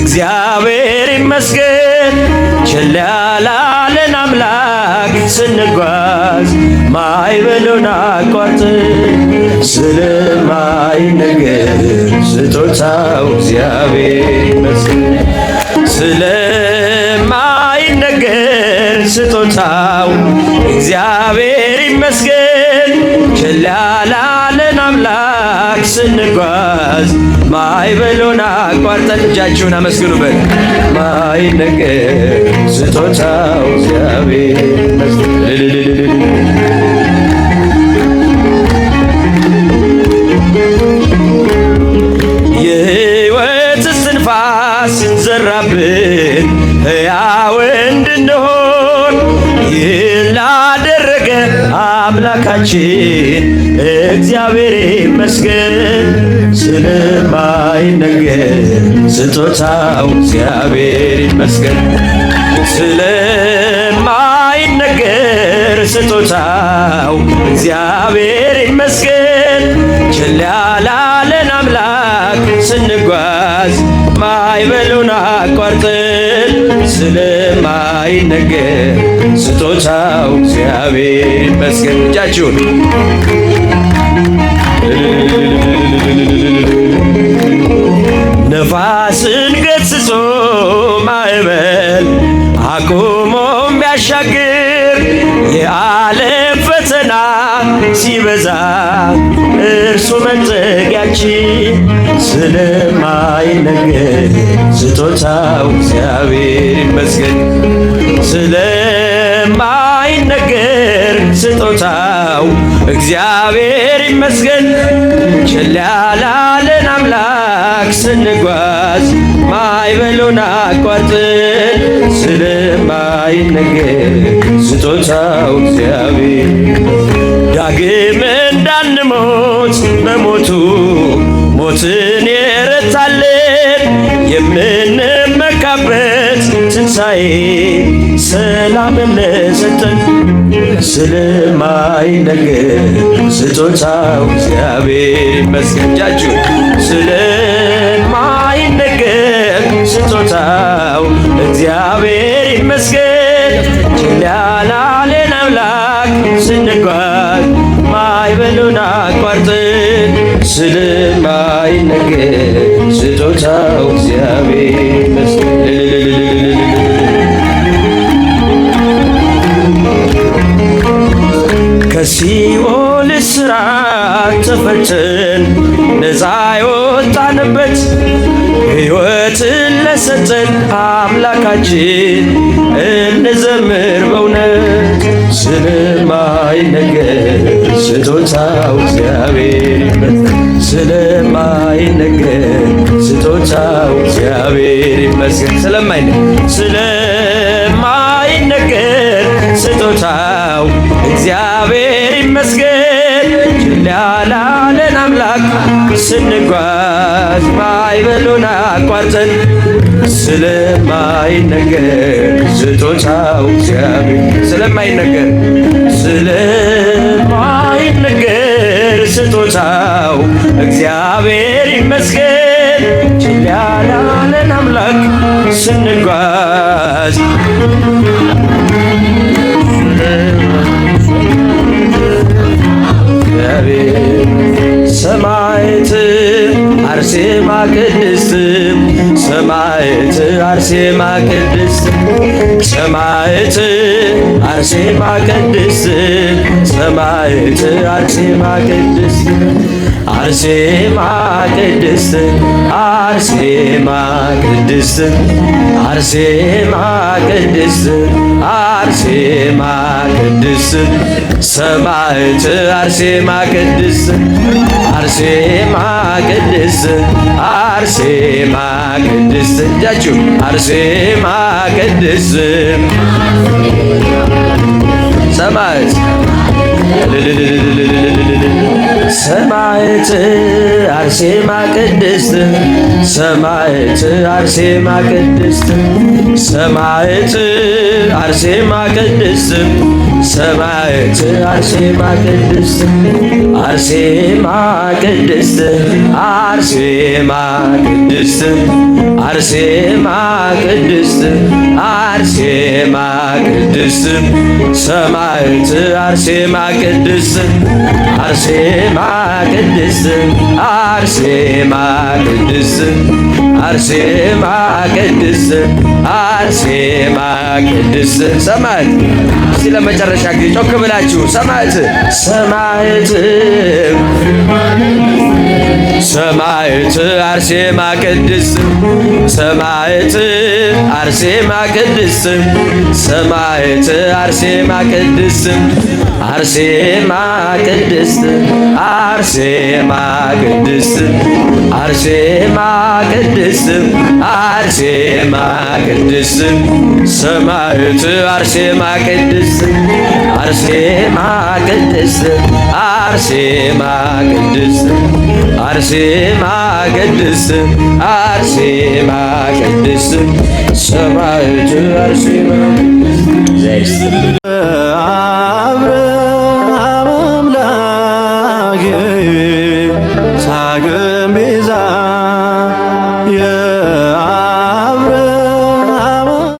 እግዚአብሔር ይመስገን ችላ አምላክ ስንጓዝ ማዕበሉን አቋርጠን ነገር ስጦታው እግዚአብሔር ይመስገን ነገር ስጦታው እግዚአብሔር ይመስገን ችላላ ስንጓዝ ማዕበሉን አቋርጠን እጃችሁን አመስግኑበት። ማይነገር ስጦታው እግዚአብሔር የሕይወት እስትንፋስ ዘራብን ሕያው እንድንሆን አምላካችን እግዚአብሔር ይመስገን ስለማይነገር ስጦታው እግዚአብሔር ይመስገን ስለማይነገር ስጦታው እግዚአብሔር ይመስገን ችላ አምላክ ስንጓዝ ማይበሉን አቋርጠን ስለ አይነገር! ስጦታው እግዚአብሔር ይመስገን። እጃችሁን ነፋስን ገስጾ ማዕበል አቁሞም ቢያሻግር የዓለም ፈተና ሲበዛ እርሱ መጠጊያችን ስለማይነገር ስጦታው እግዚአብሔር ይመስገን። ስለማይነገር ስጦታው እግዚአብሔር ይመስገን። ችላ አምላክ ስንጓዝ ማዕበሉን አቋርጠን ስለማይነገር ስጦታው እግዚአብሔር ዳግም እንዳንሞት በሞቱ ሞትን የረታልን የምንመካበት ትንሣኤ ሰላምን ለሰጠን ስለማይነገር ስጦታው እግዚአብሔር ይመስገን። እጃችሁ ስለማይነገር ስጦታው እግዚአብሔር ይመስገን። ችላላለን አምላክ ስንጓዝ ማዕበሉን አቋርጠን ስለ ነገር ስጦታው እግዚአብሔር ከሲኦል እስራት ተፈተን ነፃ የወጣንበት ሕይወትን ለሰጠን አምላካችን እንዘምር። ስለማይነገር ስጦታው እግዚአብሔር ይመስገን። ስለማይነገር ስጦታው እግዚአብሔር ይመስገን። ስለማይነገር ስጦታው እግዚአብሔር ይመስገን። ችላላለን አምላክ ስንጓዝ ባይበሉን አቋርጠን ስለማይነገር ስጦታው እግዚአብሔር ስለማይነገር ስለማይነገር ስጦታው እግዚአብሔር ይመስገን። ችላ ላለን አምላክ ስንጓዝ ሰማይት አርሴማ ቅድስት ሰማ ሰማዕት አርሴማ ቅድስት ሰማዕት አርሴማ ቅድስት ሰማዕት አርሴማ ቅድስት አርሴማ ቅድስት አርሴማ ቅድስት አርሴማ ቅድስት አርሴማ ቅድስት ሰማዕት አርሴማ ቅድስ አርሴማ ቅድስት አርሴማ ቅድስት እጃችሁ አርሴማ ቅድስት ሰማዕት ሰማዕት አርሴማ ቅድስት ሰማዕት አርሴማ ቅድስት ሰማዕት አርሴማ ቅድስት ሰማዕት አርሴማ ቅድስት አርሴማ ቅድስት አርሴማ ቅድስት አርሴማ ቅድስት አርሴማ ቅድስት ሰማዕት አርሴማ ቅድስት አርሴማ ቅድስት አርሴማ ቅድስት አርሴማ ቅድስት አርሴማ ቅድስት ሰማዕት። እስቲ ለመጨረሻ ጊዜ ጮክ ብላችሁ ሰማዕት ሰማዕት ሰማዕት አርሴማ ቅድስት ሰማዕት አርሴማ ቅድስት ሰማዕት አርሴማ ቅድስት አርሴማ ቅድስት አርሴማ ቅድስት አርሴማ ቅድስት አርሴማ ቅድስት ሰማዕት አርሴማ ቅድስት አርሴማ ቅድስት አርሴማ ቅድስት አርሴማ ቅድስት አርሴማ ቅድስት ሰማዕቱ አርሴማ